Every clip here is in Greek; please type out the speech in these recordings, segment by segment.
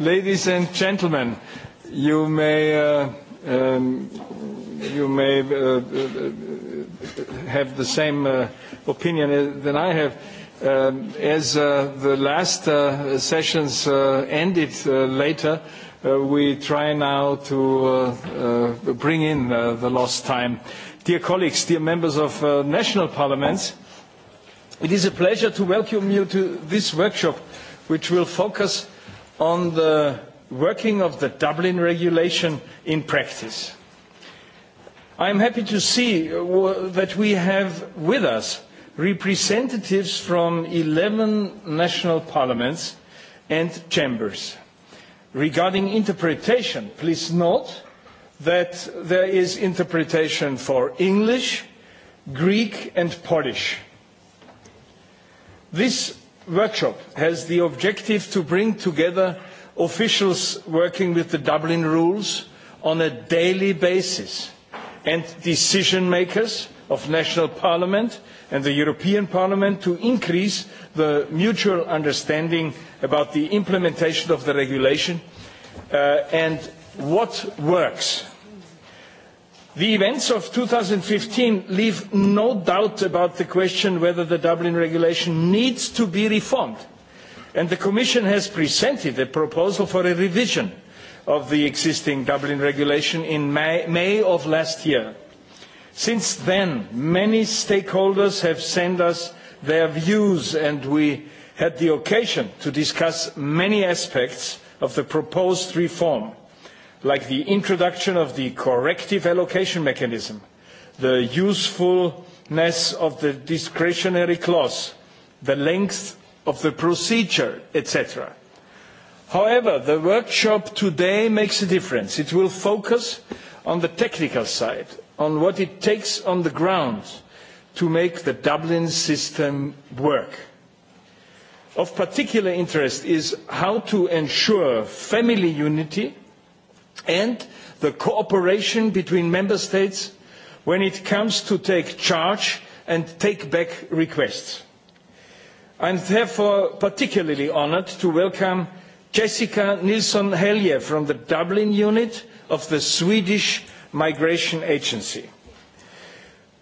Ladies and gentlemen, you may you may have the same opinion than I have. As the last sessions ended later, we try now to bring in the lost time. Dear colleagues, dear members of national parliaments. It is a pleasure to welcome you to this workshop, which will focus on the working of the Dublin regulation in practice. I am happy to see that we have with us representatives from 11 national parliaments and chambers. Regarding interpretation, please note that there is interpretation for English, Greek and Polish. This workshop has the objective to bring together officials working with the Dublin rules on a daily basis and decision makers of national parliament and the European Parliament to increase the mutual understanding about the implementation of the regulation and what works The events of 2015 leave no doubt about the question whether the Dublin regulation needs to be reformed and the Commission has presented a proposal for a revision of the existing Dublin regulation in May of last year. Since then, many stakeholders have sent us their views and we had the occasion to discuss many aspects of the proposed reform like the introduction of the corrective allocation mechanism, the usefulness of the discretionary clause, the length of the procedure, etc. However, the workshop today makes a difference. It will focus on the technical side, on what it takes on the ground to make the Dublin system work. Of particular interest is how to ensure family unity and the cooperation between member states when it comes to take charge and take back requests. I am therefore particularly honoured to welcome Jessica Nilsson Helier from the Dublin unit of the Swedish Migration Agency.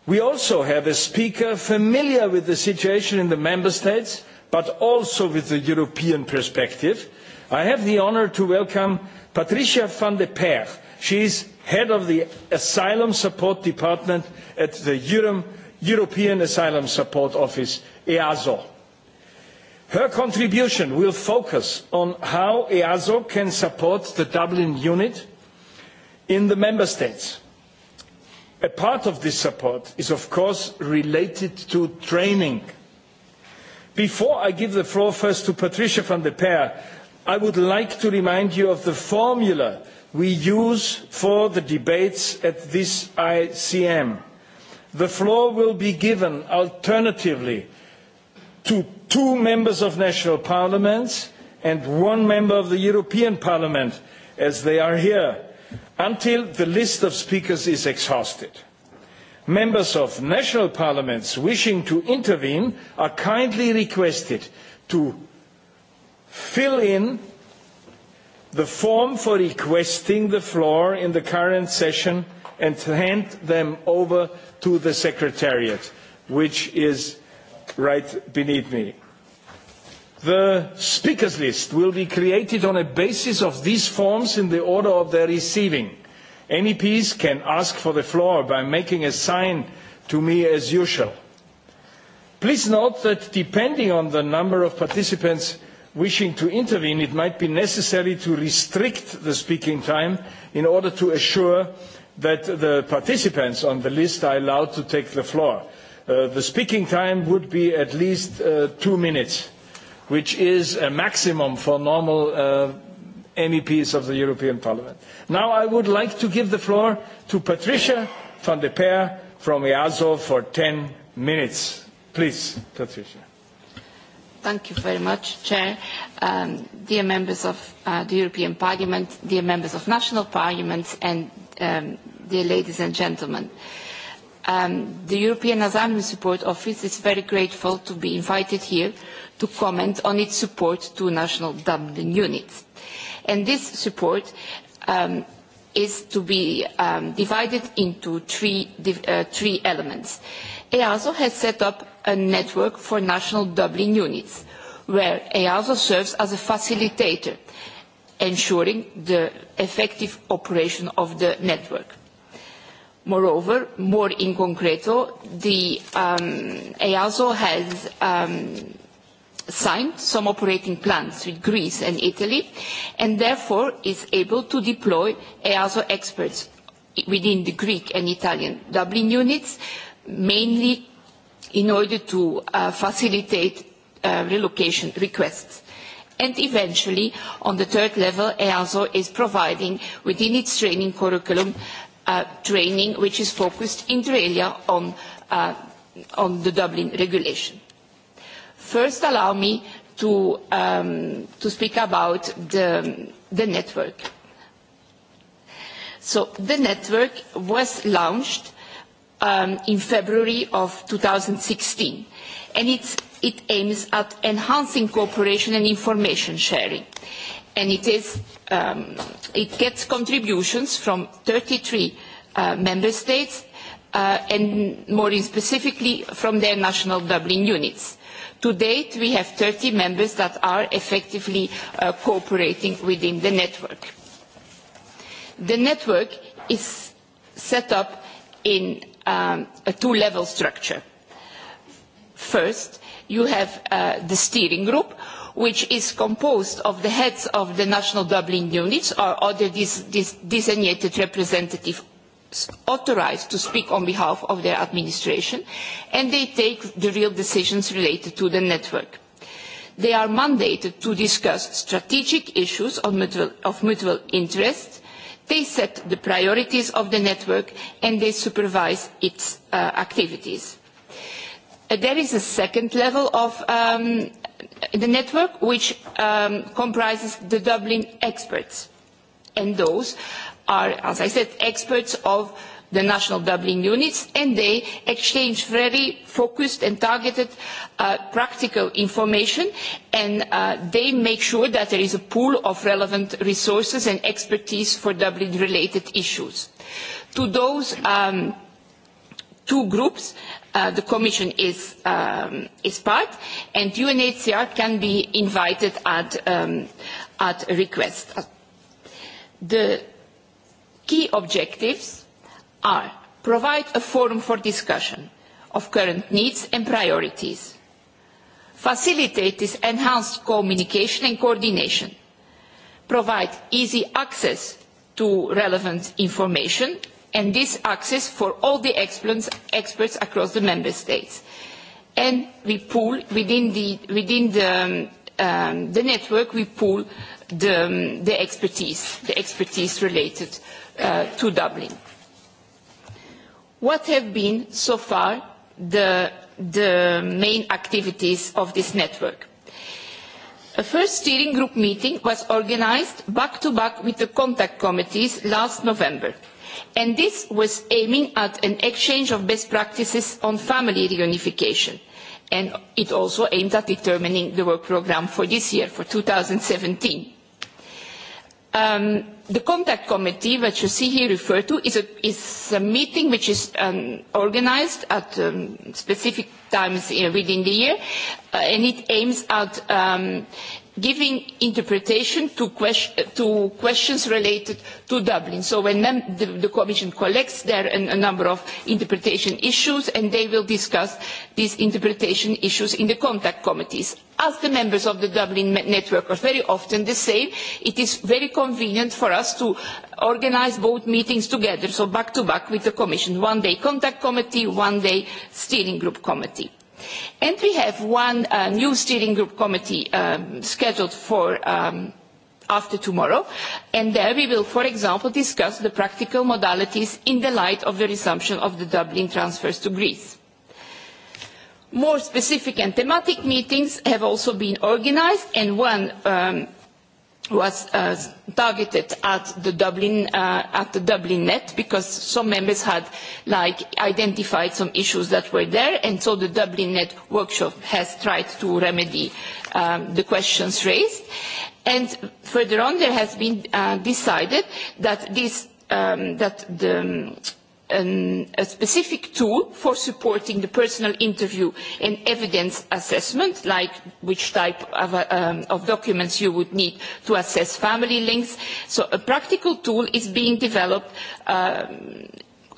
We also have a speaker familiar with the situation in the member states but also with the European perspective I have the honour to welcome Patricia van de Peer. She is head of the Asylum Support Department at the European Asylum Support Office, EASO. Her contribution will focus on how EASO can support the Dublin unit in the Member States. A part of this support is, of course, related to training. Before I give the floor first to Patricia van der Peer, I would like to remind you of the formula we use for the debates at this ICM. The floor will be given alternatively to two members of national parliaments and one member of the European Parliament, as they are here, until the list of speakers is exhausted. Members of national parliaments wishing to intervene are kindly requested to fill in the form for requesting the floor in the current session and hand them over to the secretariat which is right beneath me. The speakers list will be created on a basis of these forms in the order of their receiving. MEPs can ask for the floor by making a sign to me as usual. Please note that depending on the number of participants wishing to intervene, it might be necessary to restrict the speaking time in order to assure that the participants on the list are allowed to take the floor. The speaking time would be at least two minutes, which is a maximum for normal MEPs of the European Parliament. Now I would like to give the floor to Patricia van de Peer from EASO for 10 minutes. Please, Patricia. Thank you very much, Chair. Dear members of the European Parliament, dear members of national parliaments, and dear ladies and gentlemen. The European Asylum Support Office is very grateful to be invited here to comment on its support to national Dublin units. And this support is to be divided into three elements. EASO has set up a network for national Dublin units, where EASO serves as a facilitator, ensuring the effective operation of the network. Moreover, more in concreto, the EASO has signed some operating plans with Greece and Italy and therefore is able to deploy EASO experts within the Greek and Italian Dublin units, mainly in order to facilitate relocation requests. And eventually, on the third level, EASO is providing within its training curriculum training which is focused in alia on the Dublin regulation. First, allow me to speak about the network. So the network was launched in February of 2016, and it aims at enhancing cooperation and information sharing. And it gets contributions from 33 member states, and more specifically from their national Dublin units. To date, we have 30 members that are effectively cooperating within the network. The network is set up in a two level structure. First, you have the steering group, which is composed of the heads of the national Dublin units or other designated representatives authorised to speak on behalf of their administration, and they take the real decisions related to the network. They are mandated to discuss strategic issues of mutual interest They set the priorities of the network and they supervise its activities. There is a second level of the network which comprises the Dublin experts. And those are, as I said, experts of the national Dublin units and they exchange very focused and targeted practical information and they make sure that there is a pool of relevant resources and expertise for dublin related issues. To those two groups the Commission is part and UNHCR can be invited at request. The key objectives are provide a forum for discussion of current needs and priorities, facilitate this enhanced communication and coordination, provide easy access to relevant information and this access for all the experts across the Member States. And we pool within the network we pool the expertise, the expertise related to Dublin. What have been so far the main activities of this network? A first steering group meeting was organised back-to-back with the contact committees last November, and this was aiming at an exchange of best practices on family reunification, and it also aimed at determining the work programme for this year, for 2017. The contact committee, which you see here referred to, is a meeting which is organised at specific times within the year, and it aims at giving interpretation to questions related to Dublin. So when the Commission collects there a number of interpretation issues and they will discuss these interpretation issues in the contact committees. As the members of the Dublin network are very often the same, it is very convenient for us to organise both meetings together, so back to back with the Commission, one day contact committee, one day steering group committee. And we have one new steering group committee scheduled for after tomorrow, and there we will, for example, discuss the practical modalities in the light of the resumption of the Dublin transfers to Greece. More specific and thematic meetings have also been organised, and one was targeted at the Dublin at the Dublin net because some members had like identified some issues that were there and so the Dublin net workshop has tried to remedy the questions raised and further on there has been decided that this that the a specific tool for supporting the personal interview and evidence assessment, like which type of documents you would need to assess family links. So a practical tool is being developed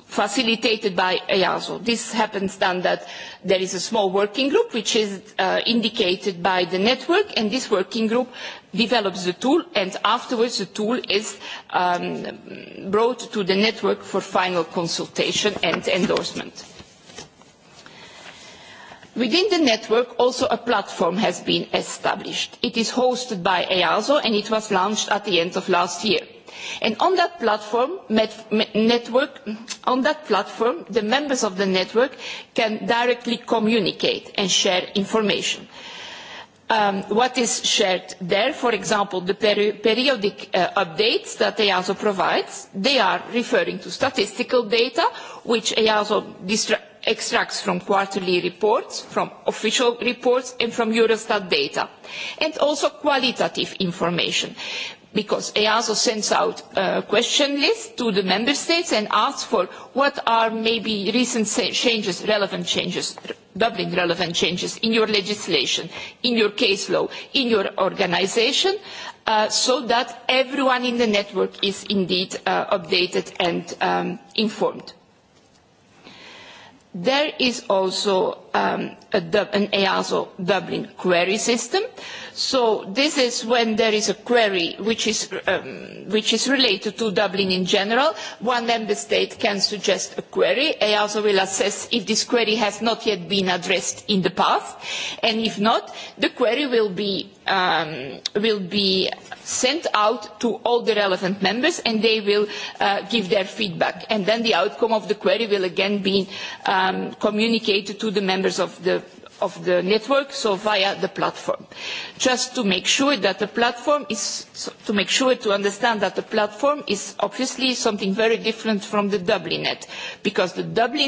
facilitated by EASO. This happens then that there is a small working group which is indicated by the network and this working group develops the tool and afterwards the tool is brought to the network for final consultation and endorsement. Within the network also a platform has been established. It is hosted by EASO and it was launched at the end of last year and on that platform network on that platform the members of the network can directly communicate and share information what is shared there for example the periodic updates that easo provides they are referring to statistical data which easo extracts from quarterly reports from official reports and from eurostat data and also qualitative information because EASO sends out a question list to the member states and asks for what are maybe recent changes, relevant changes, doubling relevant changes in your legislation, in your case law, in your organisation, so that everyone in the network is indeed updated and informed. There is also an EASO Dublin query system. So this is when there is a query which is related to Dublin in general. One member state can suggest a query. EASO will assess if this query has not yet been addressed in the past. And if not, the query will be sent out to all the relevant members and they will give their feedback. And then the outcome of the query will again be communicated to the member members of the network, so via the platform. Just to make sure that the platform is, to make sure to understand that the platform is obviously something very different from the net, because the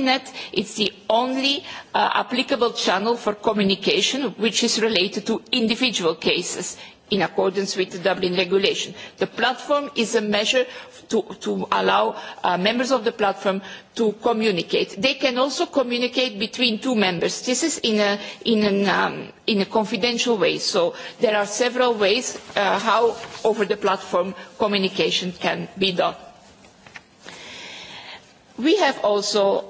net is the only applicable channel for communication which is related to individual cases in accordance with the Dublin regulation. The platform is a measure to allow members of the platform to communicate. They can also communicate between two members. This is in a confidential way. So there are several ways how over the platform communication can be done. We have also,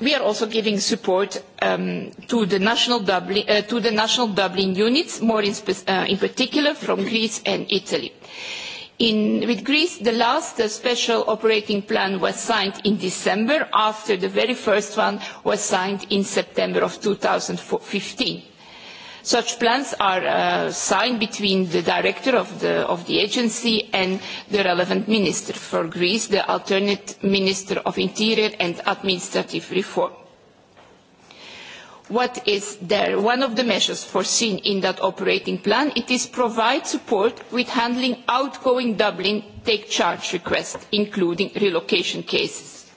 we are also giving support to the national Dublin, units, more in, particular from Greece and Italy. with Greece, the last special operating plan was signed in December after the very first one was signed in September of 2015 Such plans are signed between the director of the agency and the relevant minister. For Greece, the alternate minister of interior and administrative reform. What is there? One of the measures foreseen in that operating plan, it is provide support with handling outgoing Dublin take charge requests, including relocation cases.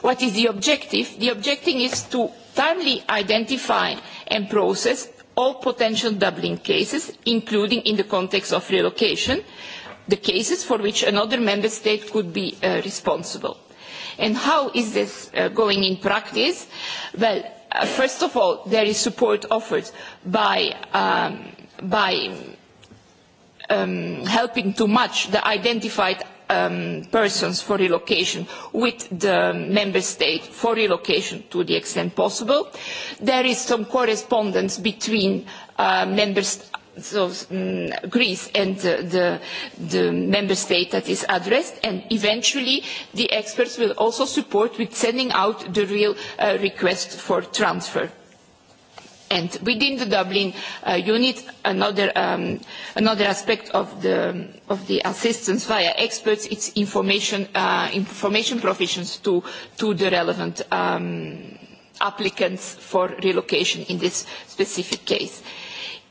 What is the objective? The objective is to timely identify and process all potential doubling cases, including in the context of relocation, the cases for which another member state could be responsible. And how is this going in practice? Well, first of all, there is support offered by helping to match the identified persons for relocation with the member state for relocation to the extent possible. There is some correspondence between Greece and the member state that is addressed and eventually the experts will also support with sending out the real request for transfer. And within the Dublin unit, another aspect of the assistance via experts is information provisions to the relevant applicants for relocation in this specific case.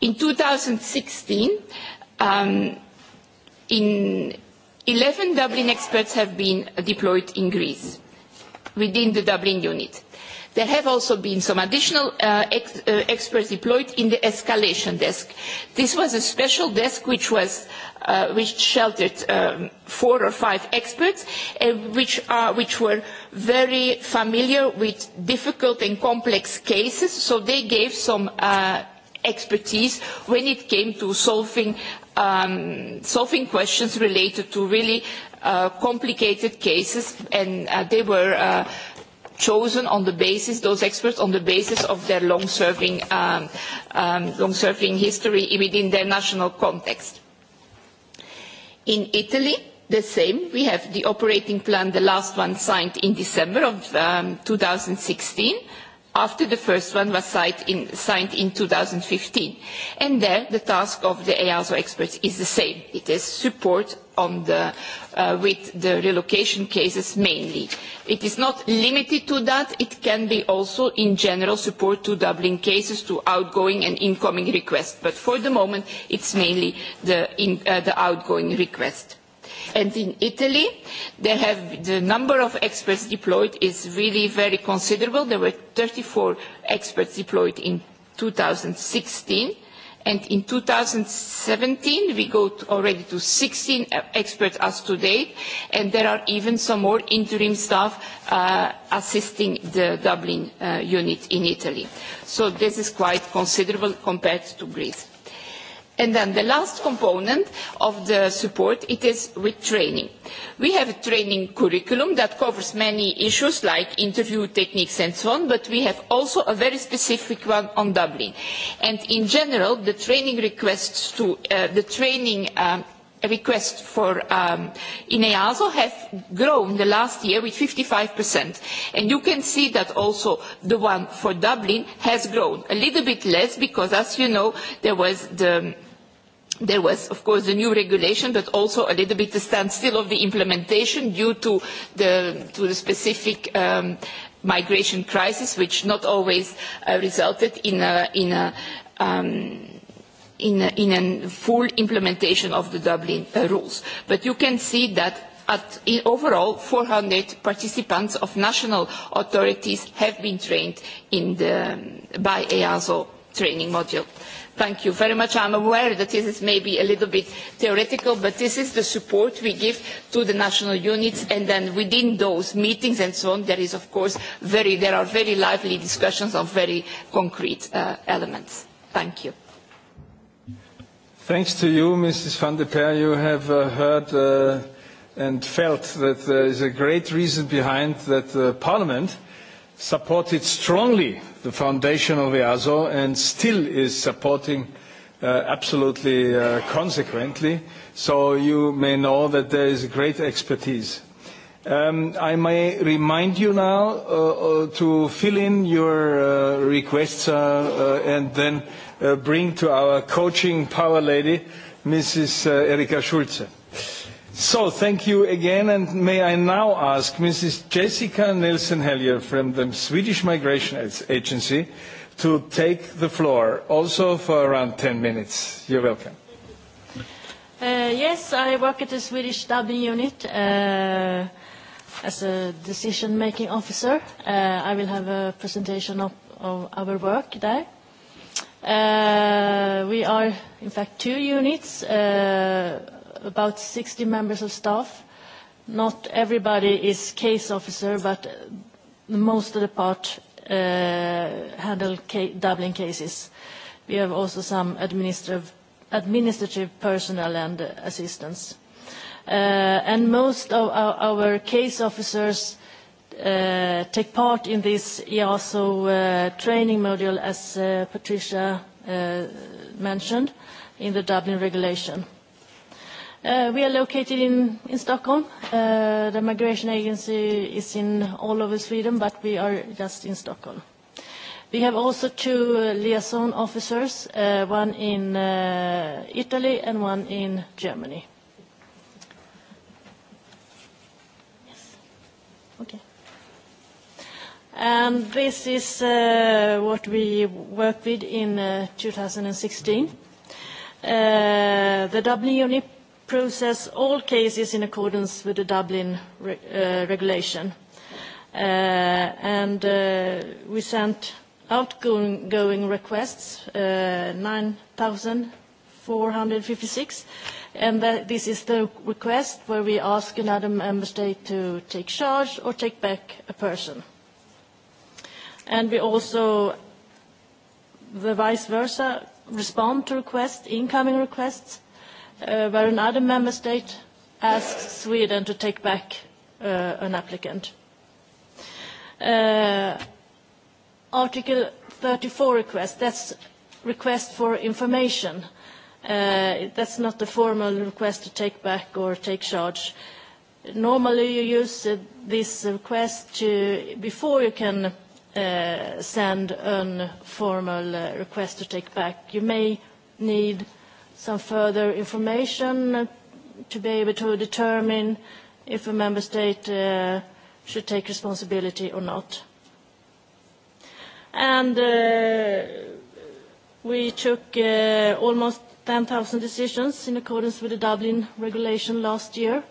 In 2016, 11 Dublin experts have been deployed in Greece within the Dublin unit. There have also been some additional experts deployed in the escalation desk. This was a special desk which sheltered four or five experts which were very familiar with difficult and complex cases, so they gave some expertise when it came to solving questions related to really complicated cases and they were chosen on the basis, those experts on the basis of their long-serving long-serving history within their national context. In Italy, the same. We have the operating plan, the last one signed in December of 2016, after the first one was signed in 2015. And there, the task of the EASO experts is the same. It is support with the relocation cases mainly. It is not limited to that. It can be also in general support to Dublin cases, to outgoing and incoming requests. But for the moment, it's mainly the outgoing request. And in Italy, the number of experts deployed is really very considerable. There were 34 experts deployed in 2016 And in 2017, we go already to 16 experts as to date, and there are even some more interim staff assisting the Dublin unit in Italy. So this is quite considerable compared to Greece. And then the last component of the support, it is with training. We have a training curriculum that covers many issues like interview techniques and so on, but we have also a very specific one on Dublin. And in general, the training requests to the training request for INEASO have grown the last year with 55%. And you can see that also the one for Dublin has grown a little bit less because, as you know, there was the There was, of course, the new regulation, but also a little bit the standstill of the implementation due to the specific migration crisis, which not always resulted in a full implementation of the Dublin rules. But you can see that overall 400 participants of national authorities have been trained by EASO training module. Thank you very much. I'm aware that this is maybe a little bit theoretical, but this is the support we give to the national units, and then within those meetings and so on, there is of course very, there are very lively discussions of very concrete elements. Thank you. Thanks to you, Mrs. van der Peer, You have heard and felt that there is a great reason behind that Parliament supported strongly the foundation of EASO and still is supporting absolutely consequently. So you may know that there is great expertise. I may remind you now to fill in your requests and then bring to our coaching power lady, Mrs. Erika Schulze. So thank you again, and may I now ask Mrs. Jessica Nelson Hellier from the Swedish Migration Agency to take the floor, also for around 10 minutes. You're welcome. Yes, I work at the Swedish Dublin unit as a decision-making officer. I will have a presentation of our work there. We are, in fact, two units about 60 members of staff. Not everybody is case officer, but most of the part handle Dublin cases. We have also some administrative personnel and assistants. And most of our case officers take part in this EASO training module, as Patricia mentioned, in the Dublin regulation. We are located in Stockholm. The migration agency is in all over Sweden, but we are just in Stockholm. We have also two liaison officers, one in Italy and one in Germany. Yes, Okay. And this is what we worked with in 2016. The Dublin process all cases in accordance with the Dublin regulation. And we sent outgoing requests, 9,456, and this is the request where we ask another member state to take charge or take back a person. And we also, the vice versa, respond to requests, incoming requests, where another member state asks Sweden to take back an applicant. Article 34 request, that's request for information. That's not the formal request to take back or take charge. Normally you use this request before you can send a formal request to take back. You may need some further information to be able to determine if a member state should take responsibility or not. And we took almost 10,000 decisions in accordance with the Dublin regulation last year,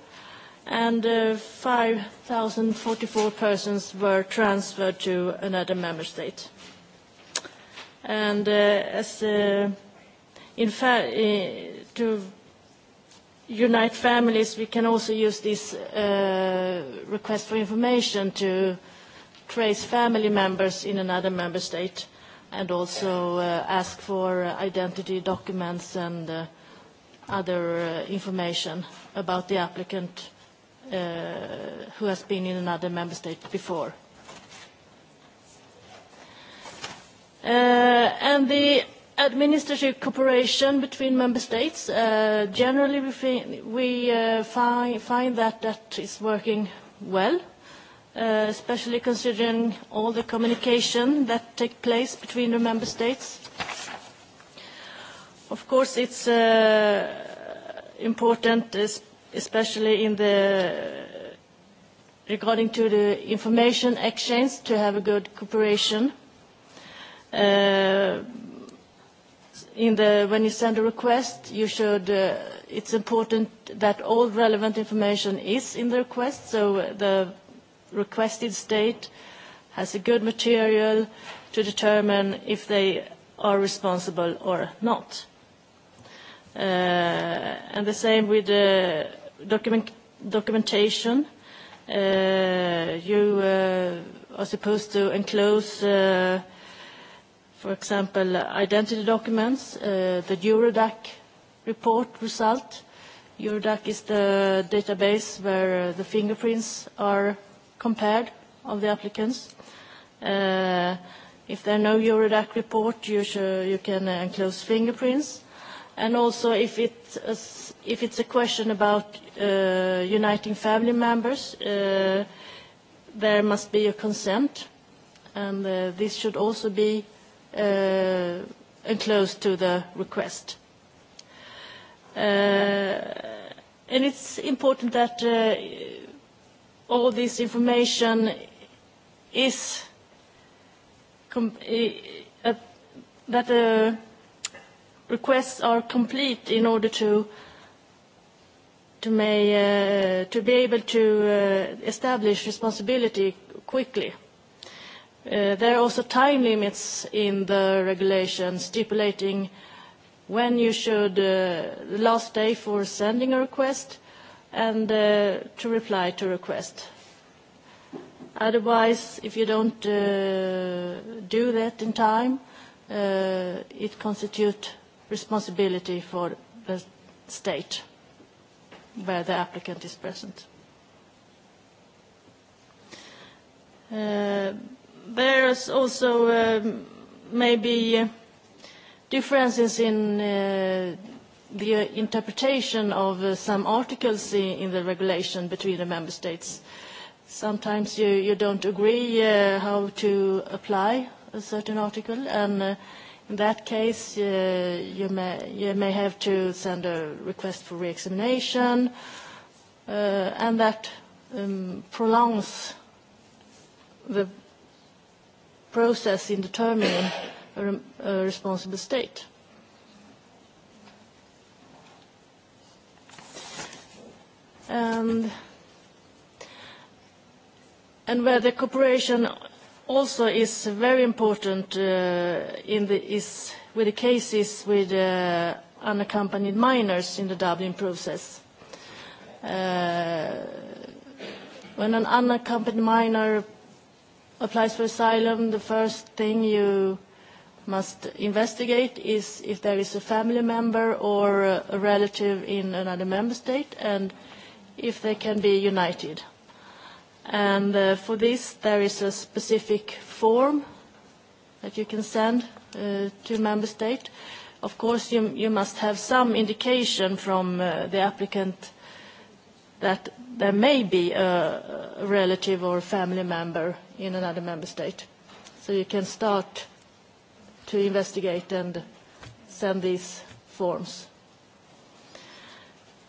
and 5,044 persons were transferred to another member state. And as in to unite families, we can also use this request for information to trace family members in another member state and also ask for identity documents and other information about the applicant who has been in another member state before. And the administrative cooperation between member states. Generally, we find that that is working well, especially considering all the communication that takes place between the member states. Of course, it's important, especially in the regarding to the information exchange, to have a good cooperation when you send a request you should it's important that all relevant information is in the request so the requested state has a good material to determine if they are responsible or not and the same with the documentation you are supposed to enclose for example, identity documents, the Eurodac report result. Eurodac is the database where the fingerprints are compared of the applicants. If there are no Eurodac report, you can enclose fingerprints. And also, if it's a question about uniting family members, there must be a consent. And this should also be close to the request. And it's important that all this information is that the requests are complete in order to to be able to establish responsibility quickly. There are also time limits in the regulation stipulating when you should, the last day for sending a request and to reply to request. Otherwise, if you don't do that in time, it constitutes responsibility for the state where the applicant is present. There is also maybe differences in the interpretation of some articles in the regulation between the member states. Sometimes you don't agree how to apply a certain article, and in that case you may you may have to send a request for re-examination, and that prolongs the process in determining a responsible state. And where the cooperation also is very important in the is with the cases with unaccompanied minors in the Dublin process. When an unaccompanied minor applies for asylum, the first thing you must investigate is if there is a family member or a relative in another member state and if they can be united. And for this, there is a specific form that you can send to a member state. Of course, you must have some indication from the applicant that there may be a relative or family member in another member state. So you can start to investigate and send these forms.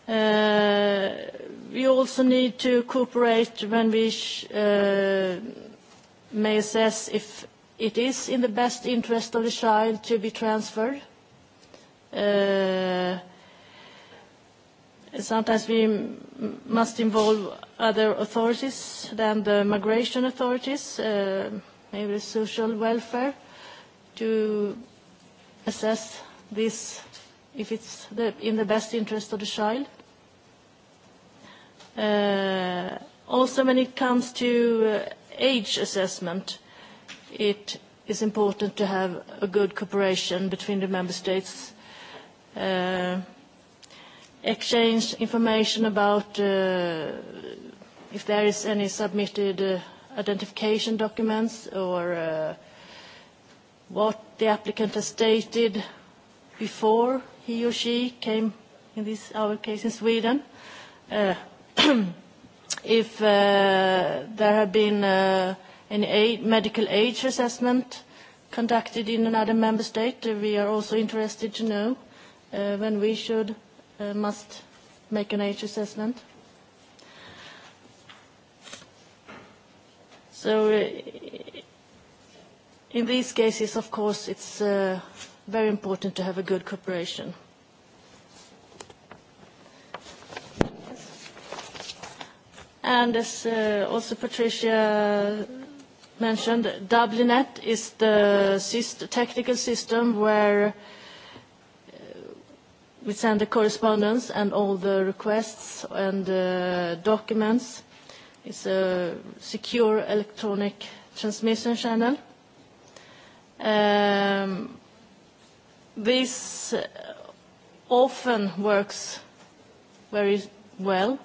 We also need to cooperate when we may assess if it is in the best interest of the child to be transferred. Sometimes we must involve other authorities than the migration authorities, maybe social welfare, to assess this if it's in the best interest of the child. Also, when it comes to age assessment, it is important to have a good cooperation between the member states exchange information about if there is any submitted identification documents or what the applicant has stated before he or she came, in this our case in Sweden, if there have been any medical age assessment conducted in another member state, we are also interested to know when we should must make an age assessment. So in these cases, of course, it's very important to have a good cooperation. And as also Patricia mentioned, Dublinet is the technical system where We send the correspondence and all the requests and documents. It's a secure electronic transmission channel. This often works very well.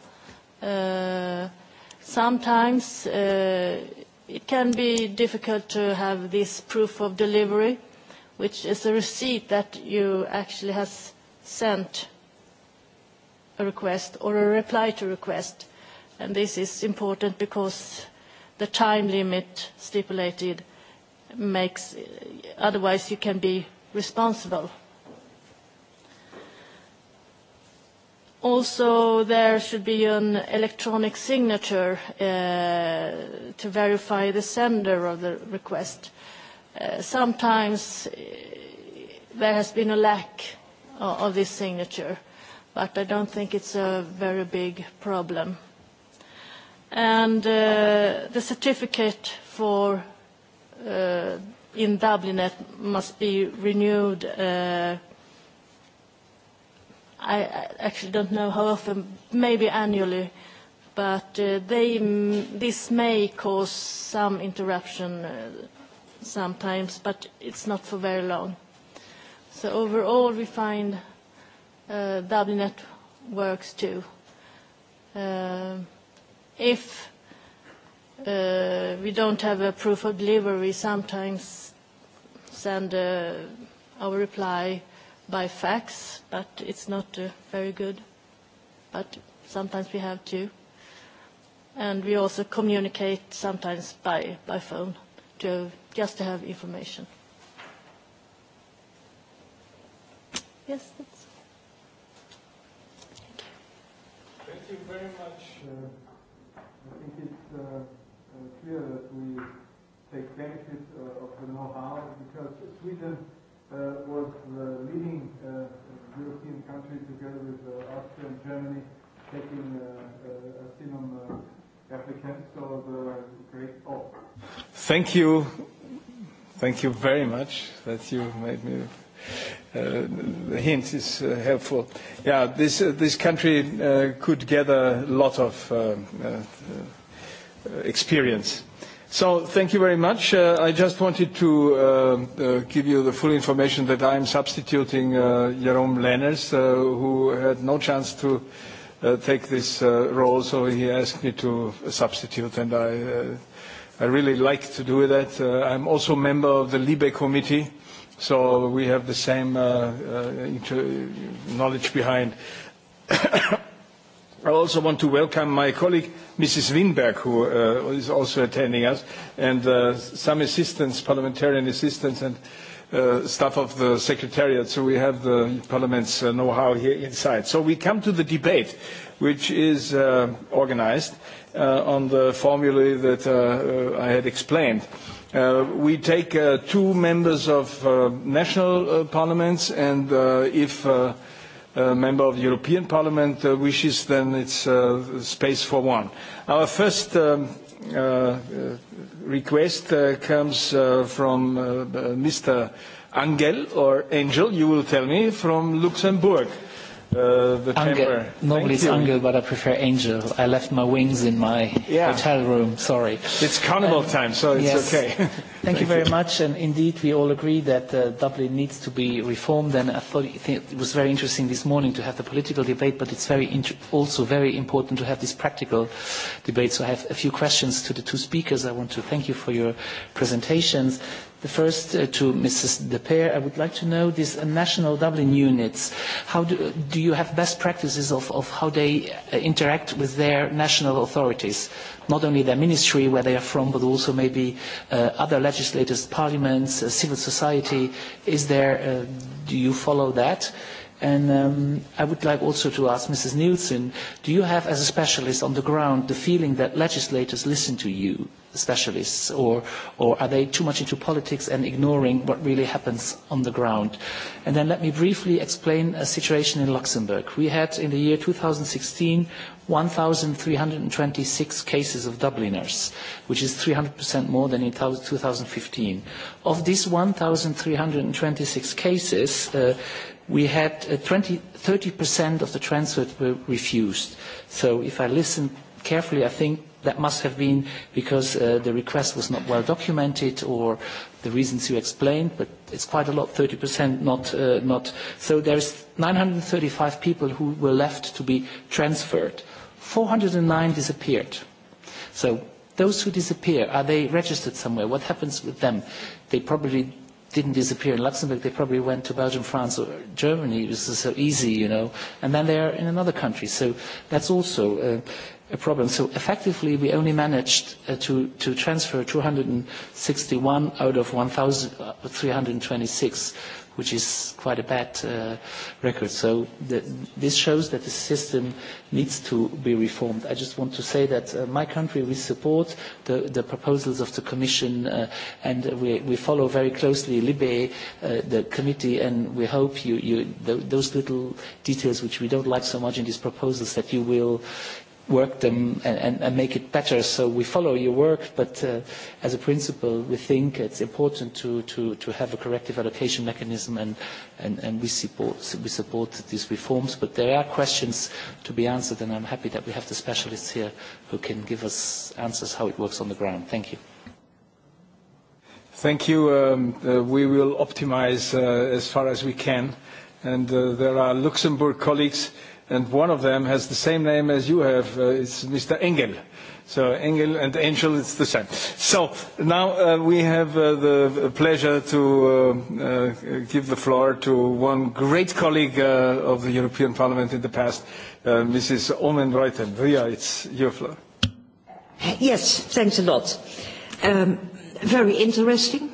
Sometimes it can be difficult to have this proof of delivery, which is a receipt that you actually has sent a request or a reply to request. And this is important because the time limit stipulated makes otherwise you can be responsible. Also, there should be an electronic signature to verify the sender of the request. Sometimes there has been a lack of this signature, but I don't think it's a very big problem. And the certificate for in Dublinet must be renewed. I actually don't know how often, maybe annually, but this may cause some interruption sometimes, but it's not for very long. So overall we uh Dublin works too. If we don't have a proof of delivery, sometimes send our reply by fax, but it's not very good. But sometimes we have to. And we also communicate sometimes by phone just to have information. Yes, that's. Thank you. Thank you very much. I think it's uh, clear that we take benefit uh, of the know-how because Sweden uh, was the leading uh, European country together with uh, Austria and Germany taking uh, asylum uh, applicants. So the great. hope. Thank you. Thank you very much that you made me The hint is helpful. Yeah, this this country could gather a lot of experience. So thank you very much. I just wanted to give you the full information that I am substituting Jerome Lenners, who had no chance to take this role, so he asked me to substitute, and I I really like to do that. I'm also a member of the LIBE committee So we have the same knowledge behind. I also want to welcome my colleague, Mrs. Winberg, who is also attending us, and some assistants, parliamentarian assistants and staff of the Secretariat. So we have the Parliament's know-how here inside. So we come to the debate, which is organized on the formulae that I had explained. We take two members of national parliaments, and if a member of the European Parliament wishes, then it's space for one. Our first request comes from Mr. Angel, or Angel, you will tell me, from Luxembourg the chamber. Normally Angel, but I prefer Angel. I left my wings in my hotel room. Sorry. It's carnival time, so it's okay. Thank you very much. And indeed, we all agree that Dublin needs to be reformed. And I thought it was very interesting this morning to have the political debate, but it's very also very important to have this practical debate. So I have a few questions to the two speakers. I want to thank you for your presentations. The first to Mrs. Depere, I would like to know these national Dublin units. How do you have best practices of how they interact with their national authorities, not only their ministry where they are from, but also maybe other legislators, parliaments, civil society? Is there? Do you follow that? And I would like also to ask Mrs. Nielsen, do you have, as a specialist on the ground, the feeling that legislators listen to you, specialists, or are they too much into politics and ignoring what really happens on the ground? And then let me briefly explain a situation in Luxembourg. We had, in the year 2016, 1,326 cases of Dubliners, which is 300% more than in 2015. Of these 1,326 cases, we had 30% of the transfers were refused. So if I listen carefully, I think that must have been because the request was not well documented or the reasons you explained, but it's quite a lot, 30% not. not. So there's 935 people who were left to be transferred. 409 disappeared. So those who disappear, are they registered somewhere? What happens with them? They probably didn't disappear in Luxembourg, they probably went to Belgium, France, or Germany. This is so easy, you know. And then they are in another country. So that's also a problem. So effectively, we only managed to transfer 261 out of 1,326 which is quite a bad record. So this shows that the system needs to be reformed. I just want to say that my country, we support the proposals of the Commission and we follow very closely LIBE, the committee, and we hope you those little details which we don't like so much in these proposals that you will work them and make it better. So we follow your work, but as a principle, we think it's important to have a corrective allocation mechanism, and we support these reforms. But there are questions to be answered, and I'm happy that we have the specialists here who can give us answers how it works on the ground. Thank you. Thank you. We will optimize as far as we can. And there are Luxembourg colleagues and one of them has the same name as you have. It's Mr. Engel. So Engel and Angel, it's the same. So now we have the pleasure to give the floor to one great colleague of the European Parliament in the past, Mrs. Omen Reuten. Ria, it's your floor. Yes, thanks a lot. Very interesting.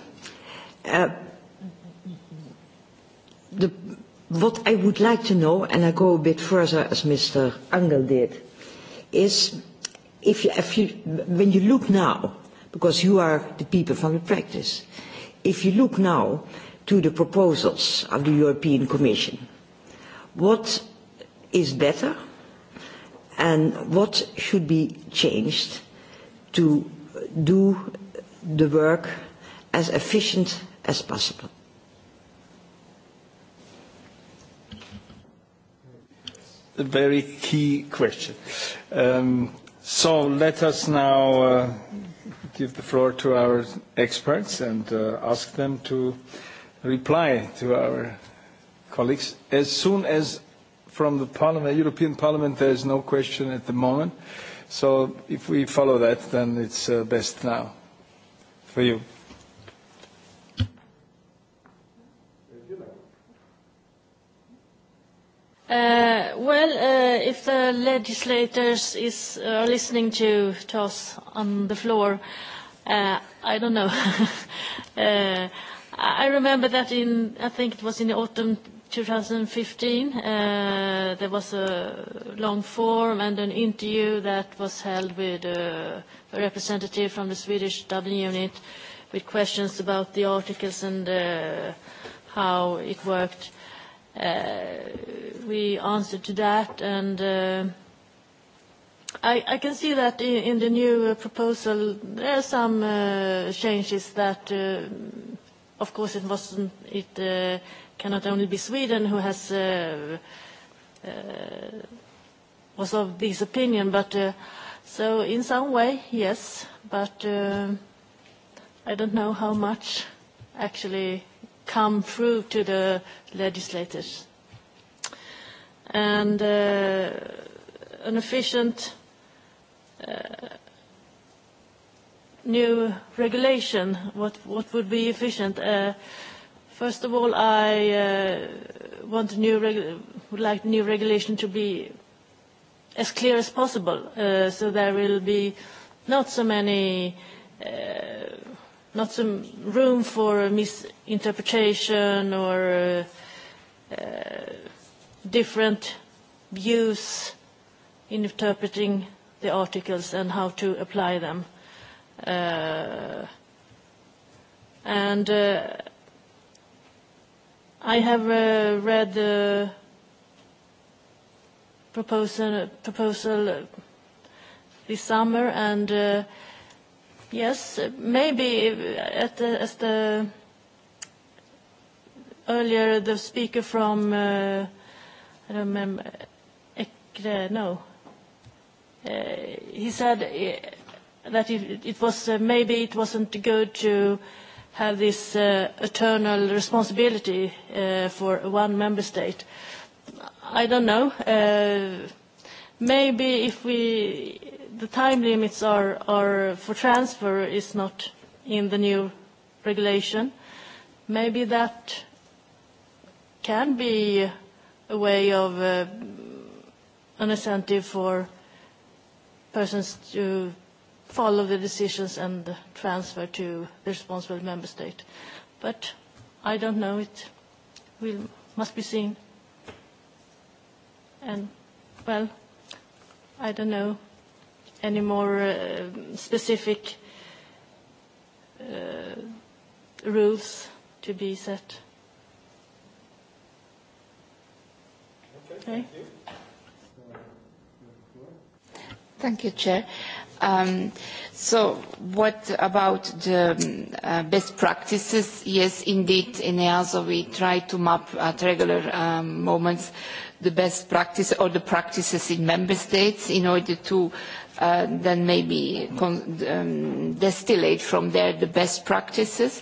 What I would like to know, and I go a bit further as Mr. Angel did, is if when you look now, because you are the people from the practice, if you look now to the proposals of the European Commission, what is better and what should be changed to do the work as efficient as possible? a very key question. So let us now give the floor to our experts and ask them to reply to our colleagues. As soon as from the Parliament, European Parliament, there is no question at the moment. So if we follow that, then it's best now for you. Well, if the legislators is listening to us on the floor, I don't know. I remember that in, I think it was in the autumn 2015, there was a long form and an interview that was held with a representative from the Swedish Dublin unit with questions about the articles and how it worked we answered to that and I can see that in the new proposal there are some changes that of course it it cannot only be Sweden who has was of this opinion but so in some way yes but I don't know how much actually come through to the legislators. And an efficient new regulation, what would be efficient? First of all, I want new would like new regulation to be as clear as possible, so there will be not so many, not some room for mis interpretation or different views in interpreting the articles and how to apply them. And I have read the proposal proposal this summer and yes, maybe at the earlier the speaker from, I don't remember, no. He said that it was maybe it wasn't good to have this eternal responsibility for one member state. I don't know. Maybe if we the time limits are for transfer is not in the new regulation, maybe that can be a way of an incentive for persons to follow the decisions and transfer to the responsible member state. But I don't know. It will must be seen. And, well, I don't know any more specific rules to be set. Thank you, Chair. So what about the best practices? Yes, indeed, in EASO we try to map at regular moments the best practices or the practices in member states in order to then maybe distillate from there the best practices.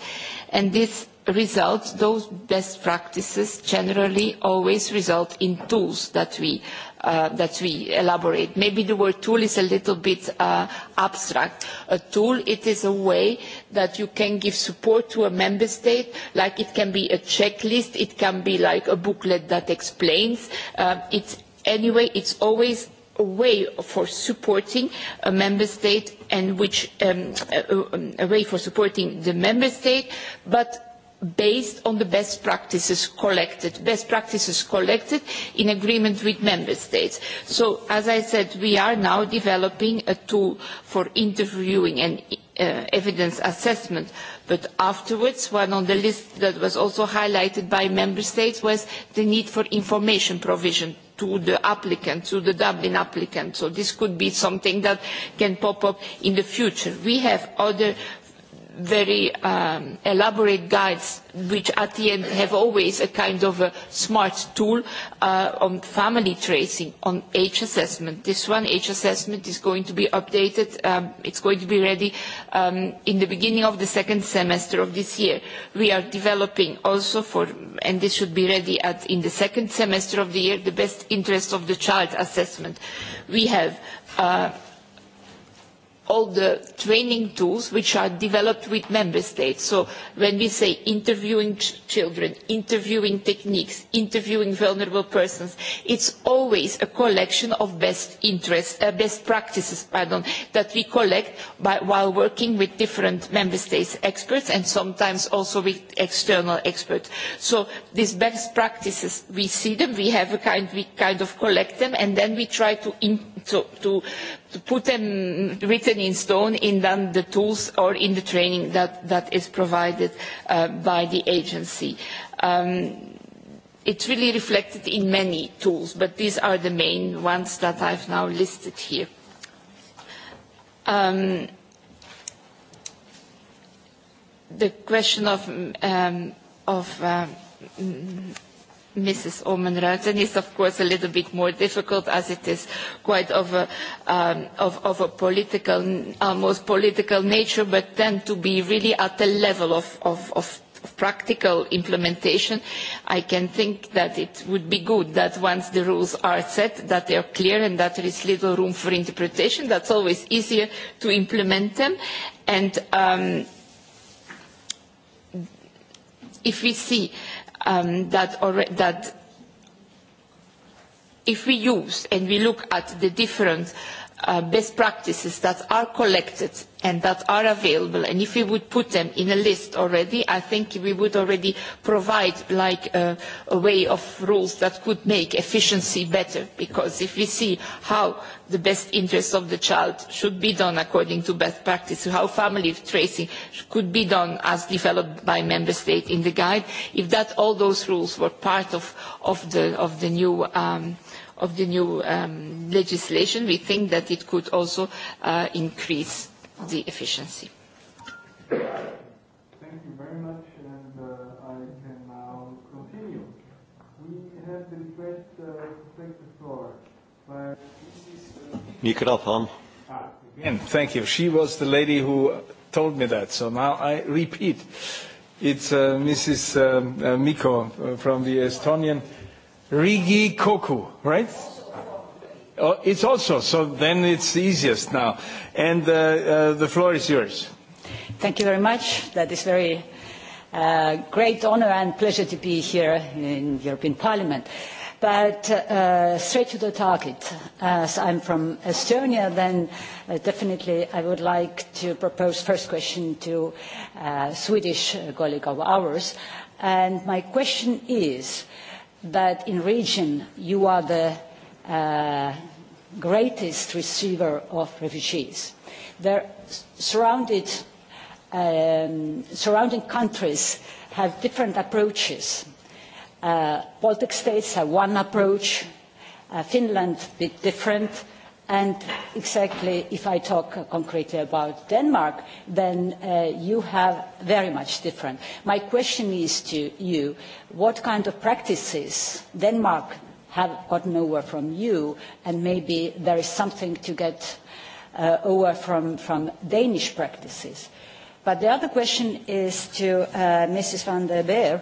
And this Results, those best practices generally always result in tools that we that we elaborate maybe the word tool is a little bit abstract a tool it is a way that you can give support to a member state like it can be a checklist it can be like a booklet that explains it's anyway it's always a way for supporting a member state and which a way for supporting the member state but based on the best practices collected, best practices collected in agreement with member states. So, as I said, we are now developing a tool for interviewing and evidence assessment, but afterwards, one on the list that was also highlighted by member states was the need for information provision to the applicant, to the Dublin applicant. So this could be something that can pop up in the future. We have other very elaborate guides which at the end have always a kind of a smart tool on family tracing, on age assessment. This one, age assessment, is going to be updated. It's going to be ready in the beginning of the second semester of this year. We are developing also for, and this should be ready in the second semester of the year, the best interest of the child assessment. We have all the training tools which are developed with member states. So when we say interviewing children, interviewing techniques, interviewing vulnerable persons, it's always a collection of best practices, that we collect while working with different member states experts and sometimes also with external experts. So these best practices, we see them, we have a we kind of collect them, and then we try to to put them written in stone in the tools or in the training that is provided by the agency. It's really reflected in many tools, but these are the main ones that I've now listed here. The question of Mrs. Oomen Ruiten is of course a little bit more difficult as it is quite of a of a political, almost political nature, but then to be really at the level of practical implementation, I can think that it would be good that once the rules are set, that they are clear and that there is little room for interpretation. That's always easier to implement them. And if we see that if we use and we look at the different best practices that are collected and that are available and if we would put them in a list already i think we would already provide like a way of rules that could make efficiency better because if we see how the best interests of the child should be done according to best practice how family tracing could be done as developed by member state in the guide if that all those rules were part of the new of the new legislation, we think that it could also increase the efficiency. Thank you very much, and I can now continue. We have the request to take the floor. Microphone. Again, thank you. She was the lady who told me that, so now I repeat. It's Mrs. Miko from the Estonian Rigi Koku, right? it's also, so then it's the easiest now. And the floor is yours. Thank you very much. That is very great honor and pleasure to be here in European Parliament. But straight to the target, as I'm from Estonia, then definitely I would like to propose first question to a Swedish colleague of ours. And my question is, but in region you are the greatest receiver of refugees. The surrounding countries have different approaches. Baltic states have one approach, Finland a bit different, And exactly, if I talk concretely about Denmark, then you have very much different. My question is to you, what kind of practices Denmark have gotten over from you, and maybe there is something to get over from Danish practices. But the other question is to Mrs. van der Beer.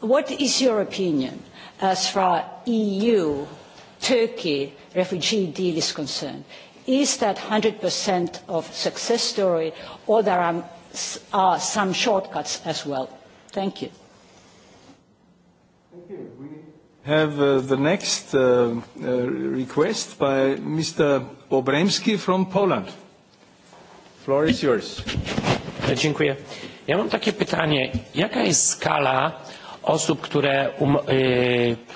What is your opinion as far as EU Turkey refugee deal is concerned. Is that 100% of success story or there are some shortcuts as well? Thank you. Thank you. We have the next request by Mr. Obremski from Poland. Floor is yours. Dziękuję. Ja mam takie pytanie. Jaka jest skala osób, które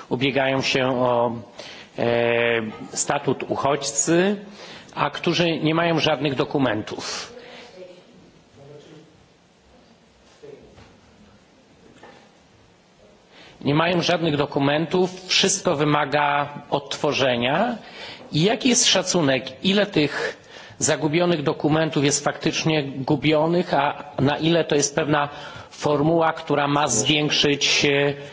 ubiegają się o statut uchodźcy, a którzy nie mają żadnych dokumentów. Nie mają żadnych dokumentów, wszystko wymaga odtworzenia. I jaki jest szacunek, ile tych zagubionych dokumentów jest faktycznie gubionych, a na ile to jest pewna formuła, która ma zwiększyć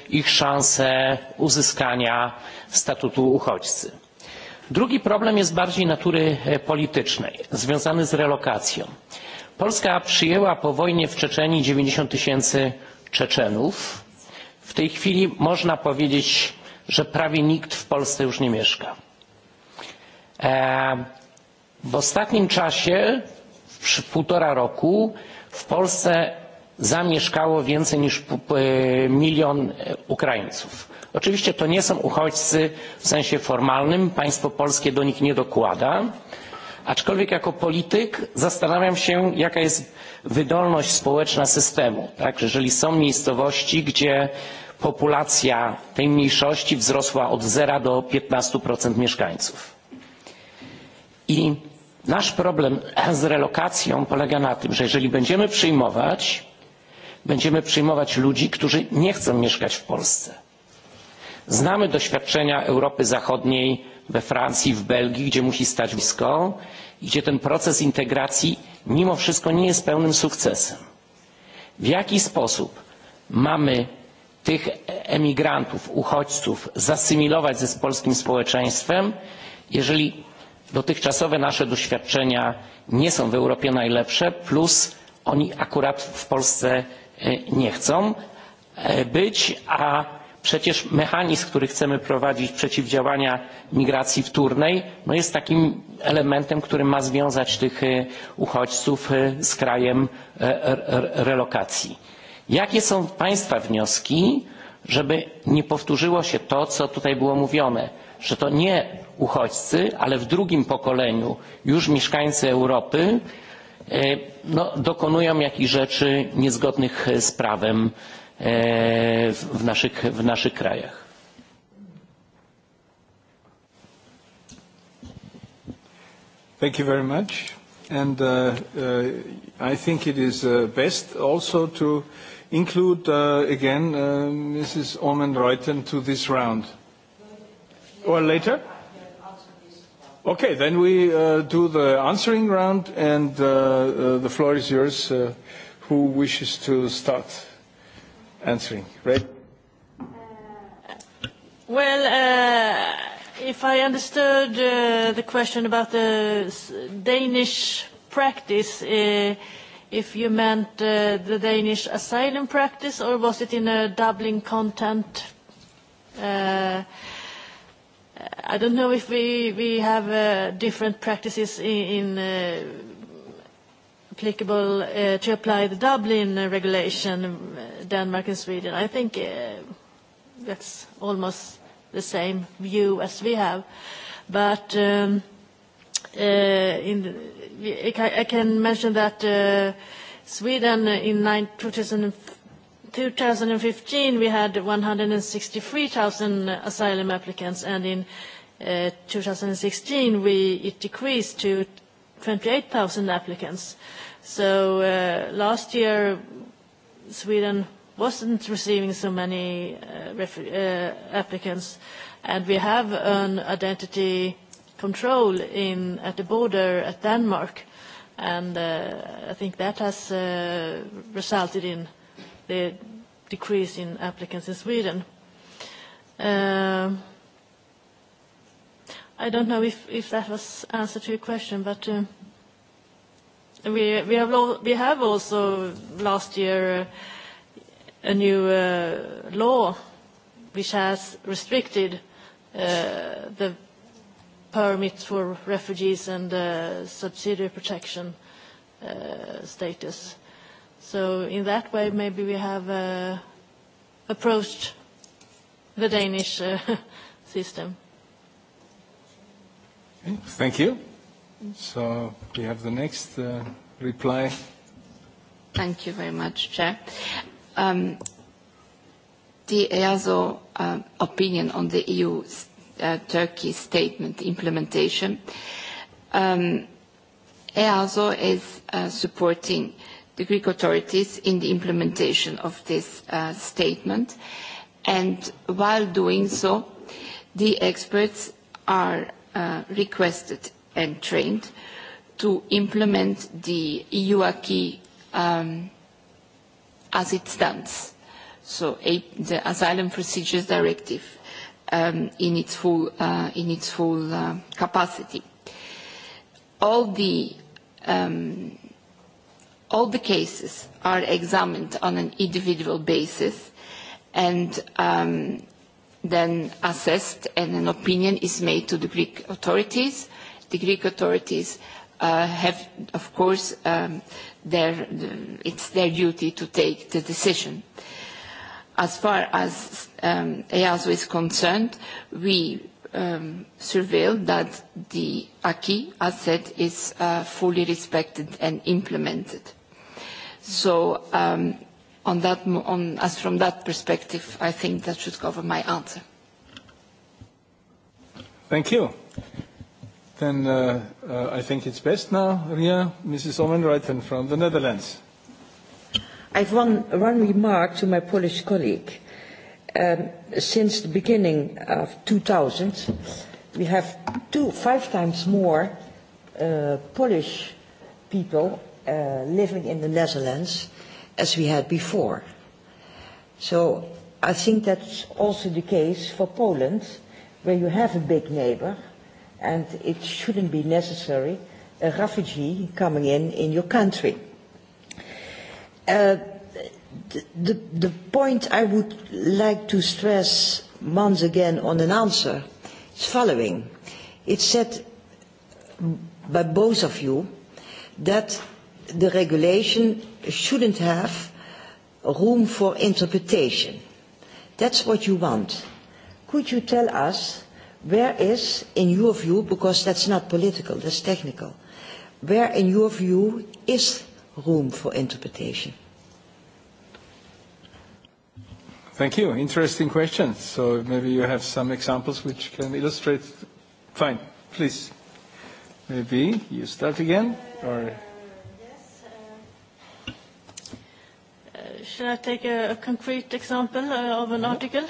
ich szanse uzyskania statutu uchodźcy. Drugi problem jest bardziej natury politycznej, związany z relokacją. Polska przyjęła po wojnie w Czeczenii 90 tysięcy Czeczenów. W tej chwili można powiedzieć, że prawie nikt w Polsce już nie mieszka. W ostatnim czasie, w półtora roku, w Polsce zamieszkało więcej niż milion Ukraińców. Oczywiście to nie są uchodźcy w sensie formalnym, państwo polskie do nich nie dokłada, aczkolwiek jako polityk zastanawiam się, jaka jest wydolność społeczna systemu. Tak? Jeżeli są miejscowości, gdzie populacja tej mniejszości wzrosła od 0 do 15% mieszkańców I nasz problem z relokacją polega na tym, że jeżeli będziemy przyjmować, będziemy przyjmować ludzi, którzy nie chcą mieszkać w Polsce. Znamy doświadczenia Europy Zachodniej we Francji, w Belgii, gdzie musi stać blisko i gdzie ten proces integracji mimo wszystko nie jest pełnym sukcesem. W jaki sposób mamy tych emigrantów, uchodźców zasymilować ze z polskim społeczeństwem, jeżeli dotychczasowe nasze doświadczenia nie są w Europie najlepsze, plus oni akurat w Polsce nie chcą być, a przecież mechanizm, który chcemy prowadzić przeciwdziałania migracji wtórnej, jest takim elementem, który ma związać tych uchodźców z krajem relokacji. Jakie są Państwa wnioski, żeby nie powtórzyło się to, co tutaj było mówione, że to nie uchodźcy, ale w drugim pokoleniu już mieszkańcy Europy dokonują jakichś rzeczy niezgodnych z prawem w naszych krajach. Thank you very much. And I think it is best also to include again Mrs. Omen-Reuten to this round. Or later? Okay, then we do the answering round, and the floor is yours. Who wishes to start answering? Well, if I understood the question about the Danish practice, if you meant the Danish asylum practice, or was it in a Dublin content? I don't know if we we have different practices in applicable to apply the Dublin regulation, Denmark and Sweden. I think that's almost the same view as we have. But I can mention that Sweden in 2005 2015 we had 163,000 asylum applicants and in 2016 we it decreased to 28,000 applicants. So last year Sweden wasn't receiving so many applicants and we have an identity control in at the border at Denmark and I think that has resulted in the decrease in applicants in Sweden. I don't know if that was answer to your question, but we have also last year a new law which has restricted the permits for refugees and subsidiary protection status. So in that way, maybe we have approached the Danish system. Thank you. So we have the next reply. Thank you very much, Chair. The EASO opinion on the EU-Turkey statement implementation. EASO is supporting the Greek authorities in the implementation of this statement. And while doing so, the experts are requested and trained to implement the EU acquis as it stands, so the Asylum Procedures Directive in its full capacity. All the all the cases are examined on an individual basis and then assessed and an opinion is made to the Greek authorities. The Greek authorities have, of course, it's their duty to take the decision. As far as EASO is concerned, we surveil that the acquis, as said, is fully respected and implemented. So on that, on, as from that perspective, I think that should cover my answer. Thank you. Then I think it's best now, Ria, Mrs. Omenreuthen from the Netherlands. I have one remark to my Polish colleague. Since the beginning of 2000, we have two, five times more Polish people living in the Netherlands as we had before. So I think that's also the case for Poland, where you have a big neighbor, and it shouldn't be necessary a refugee coming in in your country. The point I would like to stress once again on an answer is following. It's said by both of you that the regulation shouldn't have room for interpretation. That's what you want. Could you tell us where is, in your view, because that's not political, that's technical, where, in your view, is room for interpretation? Thank you. Interesting question. So maybe you have some examples which can illustrate. Fine. Please. Maybe you start again. Or... Should I take a concrete example of an article?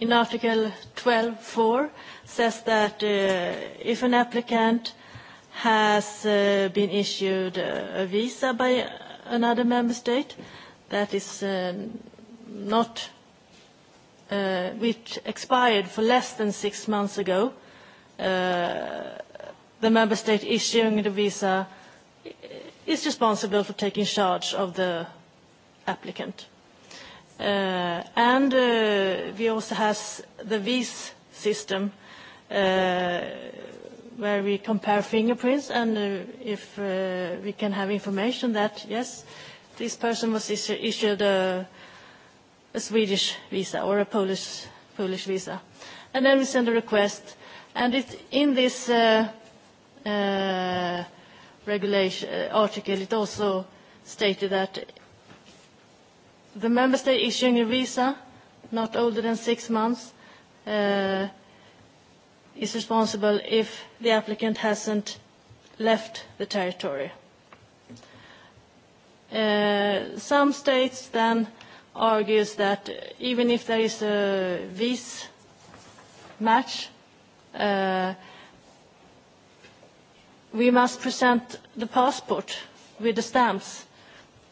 In Article 12.4 says that if an applicant has been issued a visa by another member state that is not which expired for less than six months ago, the member state issuing the visa is responsible for taking charge of the applicant. And we also have the VIS system where we compare fingerprints and if we can have information that, yes, this person was issued a Swedish visa or a Polish Polish visa. And then we send a request. And in this article, it also stated that the member state issuing a visa not older than six months is responsible if the applicant hasn't left the territory. Some states then argues that even if there is a visa match, we must present the passport with the stamps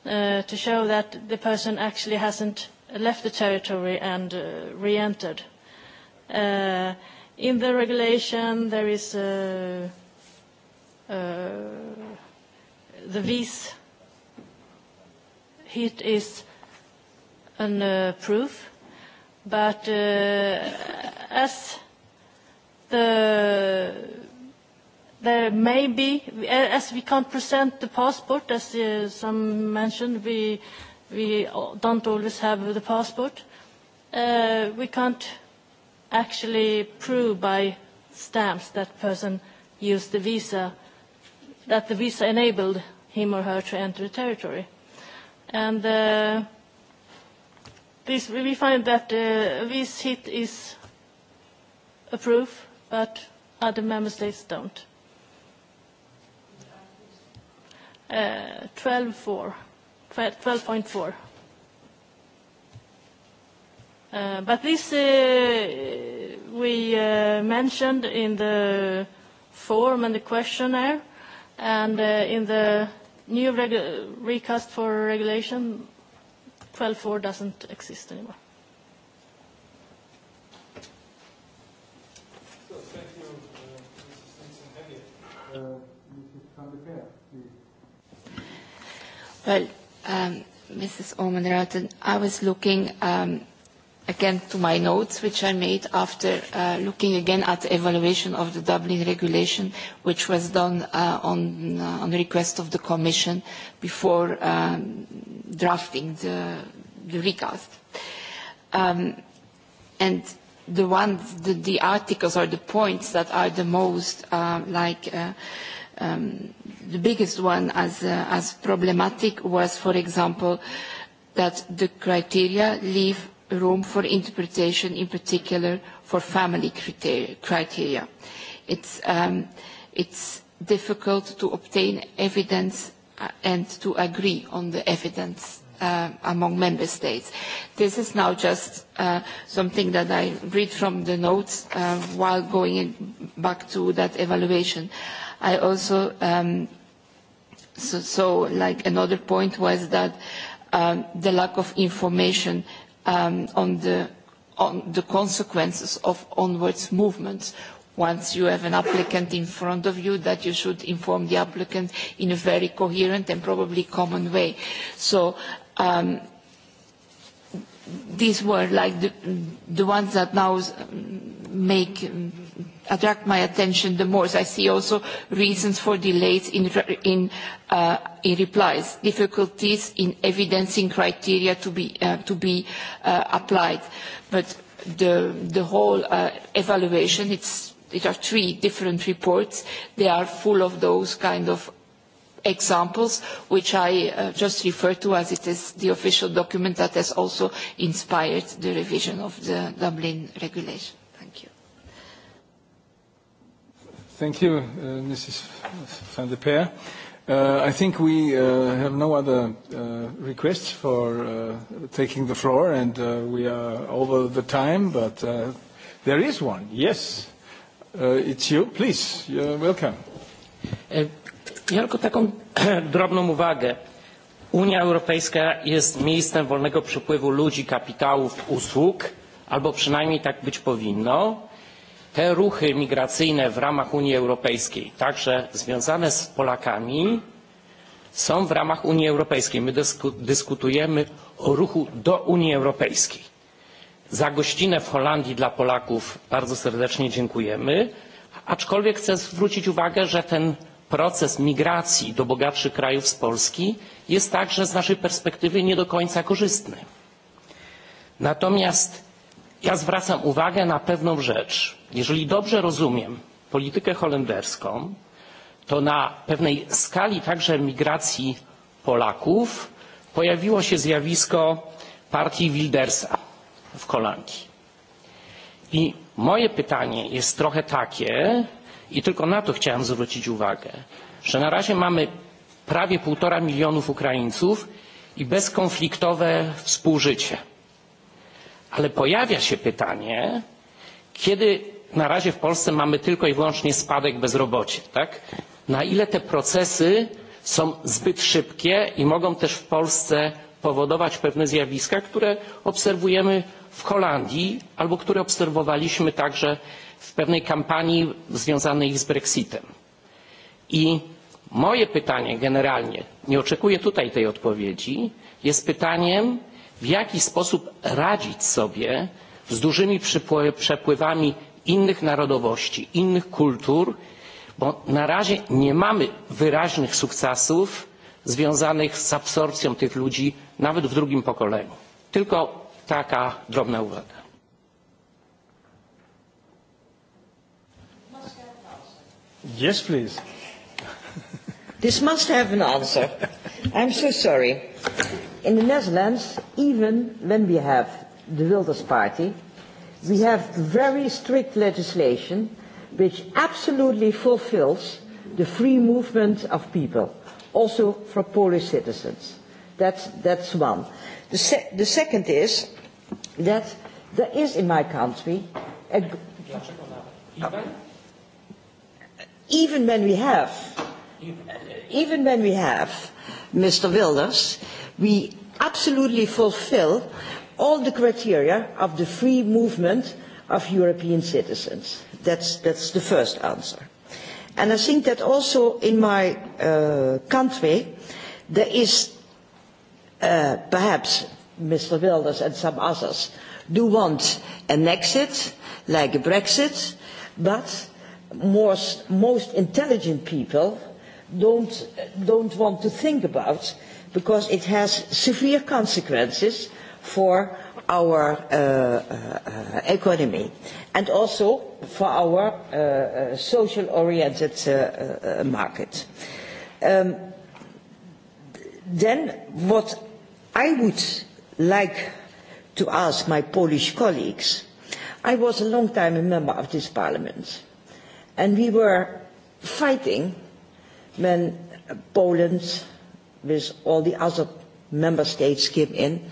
to show that the person actually hasn't left the territory and re-entered. In the regulation, there is the visa It is a proof, but as the There may be, as we can't present the passport, as some mentioned, we we don't always have the passport. We can't actually prove by stamps that person used the visa, that the visa enabled him or her to enter the territory. And this we find that this hit is a proof, but other member states don't. 12.4. But this we mentioned in the form and the questionnaire, and in the new recast for regulation, 12.4 doesn't exist anymore. Well, Mrs. omen I was looking again to my notes, which I made after looking again at the evaluation of the Dublin regulation, which was done on the request of the Commission before drafting the recast. And the ones, the articles or the points that are the most like the biggest one as problematic was, for example, that the criteria leave room for interpretation, in particular for family criteria. It's difficult to obtain evidence and to agree on the evidence among member states. This is now just something that I read from the notes while going back to that evaluation. I also, so like another point was that the lack of information on the on the consequences of onwards movements. Once you have an applicant in front of you, that you should inform the applicant in a very coherent and probably common way. So These were like the ones that now make attract my attention the most. I see also reasons for delays in replies, difficulties in evidencing criteria to be applied. But the whole evaluation, it's it are three different reports, they are full of those kind of examples which I just referred to as it is the official document that has also inspired the revision of the Dublin regulation. Thank you. Thank you, Mrs. van der Peer. I think we have no other requests for taking the floor, and we are over the time, but there is one. Yes, it's you. Please, you're welcome. Ja tylko taką drobną uwagę. Unia Europejska jest miejscem wolnego przepływu ludzi, kapitałów, usług, albo przynajmniej tak być powinno. Te ruchy migracyjne w ramach Unii Europejskiej, także związane z Polakami, są w ramach Unii Europejskiej. My dyskutujemy o ruchu do Unii Europejskiej. Za gościnę w Holandii dla Polaków bardzo serdecznie dziękujemy, aczkolwiek chcę zwrócić uwagę, że ten proces migracji do bogatszych krajów z Polski jest także z naszej perspektywy nie do końca korzystny. Natomiast ja zwracam uwagę na pewną rzecz. Jeżeli dobrze rozumiem politykę holenderską, to na pewnej skali także migracji Polaków pojawiło się zjawisko partii Wildersa w Kolanki. I moje pytanie jest trochę takie, I tylko na to chciałem zwrócić uwagę, że na razie mamy prawie półtora milionów Ukraińców i bezkonfliktowe współżycie. Ale pojawia się pytanie, kiedy na razie w Polsce mamy tylko i wyłącznie spadek bezrobocia, tak? Na ile te procesy są zbyt szybkie i mogą też w Polsce powodować pewne zjawiska, które obserwujemy w Holandii albo które obserwowaliśmy także w pewnej kampanii związanej z Brexitem. I moje pytanie generalnie, nie oczekuję tutaj tej odpowiedzi, jest pytaniem, w jaki sposób radzić sobie z dużymi przepływami innych narodowości, innych kultur, bo na razie nie mamy wyraźnych sukcesów związanych z absorpcją tych ludzi nawet w drugim pokoleniu. Tylko taka drobna uwaga. Yes, please. This must have an answer. I'm so sorry. In the Netherlands, even when we have the Wilders Party, we have very strict legislation which absolutely fulfills the free movement of people, also for Polish citizens. That's, that's one. The, the second is that there is in my country a even when we have, even when we have Mr. Wilders, we absolutely fulfill all the criteria of the free movement of European citizens. That's, that's the first answer. And I think that also in my country, there is perhaps Mr. Wilders and some others do want an exit, like a Brexit, but most, most intelligent people don't, don't want to think about because it has severe consequences for our economy and also for our social-oriented market. Um, then what I would like to ask my Polish colleagues, I was a long time a member of this parliament And we were fighting when Poland, with all the other member states, came in,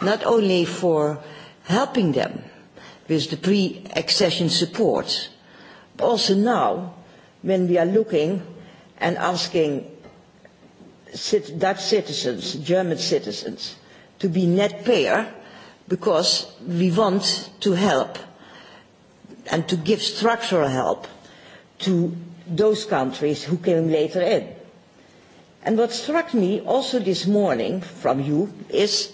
not only for helping them with the pre-accession support, but also now when we are looking and asking Dutch citizens, German citizens, to be net payer because we want to help and to give structural help to those countries who came later in. And what struck me also this morning from you is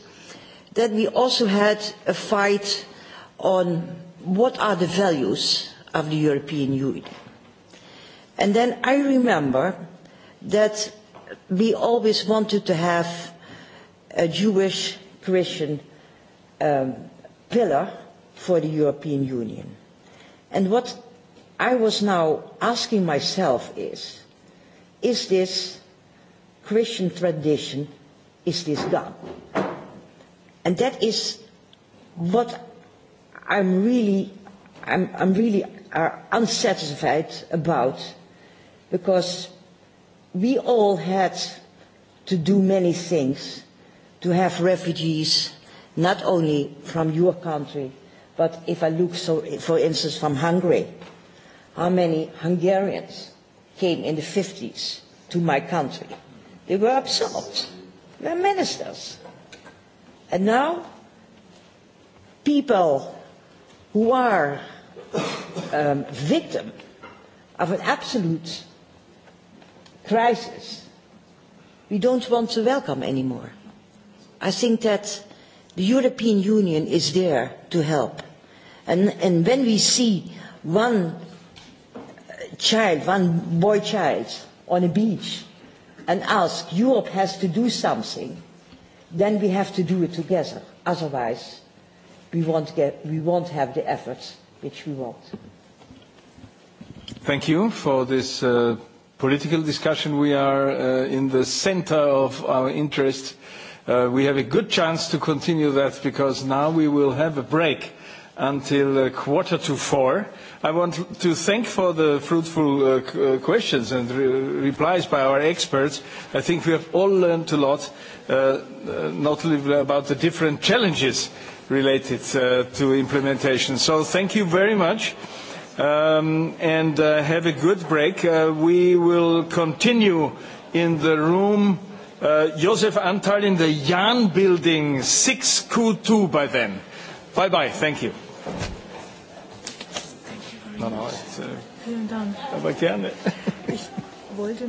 that we also had a fight on what are the values of the European Union. And then I remember that we always wanted to have a Jewish Christian pillar for the European Union. And what I was now asking myself is, is this Christian tradition, is this gone? And that is what I'm really, I'm, I'm really unsatisfied about, because we all had to do many things to have refugees, not only from your country, but if I look, so, for instance, from Hungary how many Hungarians came in the 50s to my country. They were absolved. They were ministers. And now, people who are um, victim of an absolute crisis, we don't want to welcome anymore. I think that the European Union is there to help. And, and when we see one child, one boy child on a beach and ask, Europe has to do something, then we have to do it together. Otherwise, we won't, get, we won't have the efforts which we want. Thank you for this political discussion. We are in the center of our interest. We have a good chance to continue that because now we will have a break until quarter to four I want to thank for the fruitful questions and replies by our experts. I think we have all learned a lot, not only about the different challenges related to implementation. So thank you very much and have a good break. We will continue in the room Josef Antal in the Jan building 6Q2 by then. Bye-bye. Thank you. Vielen Dank. Aber gerne. Ich wollte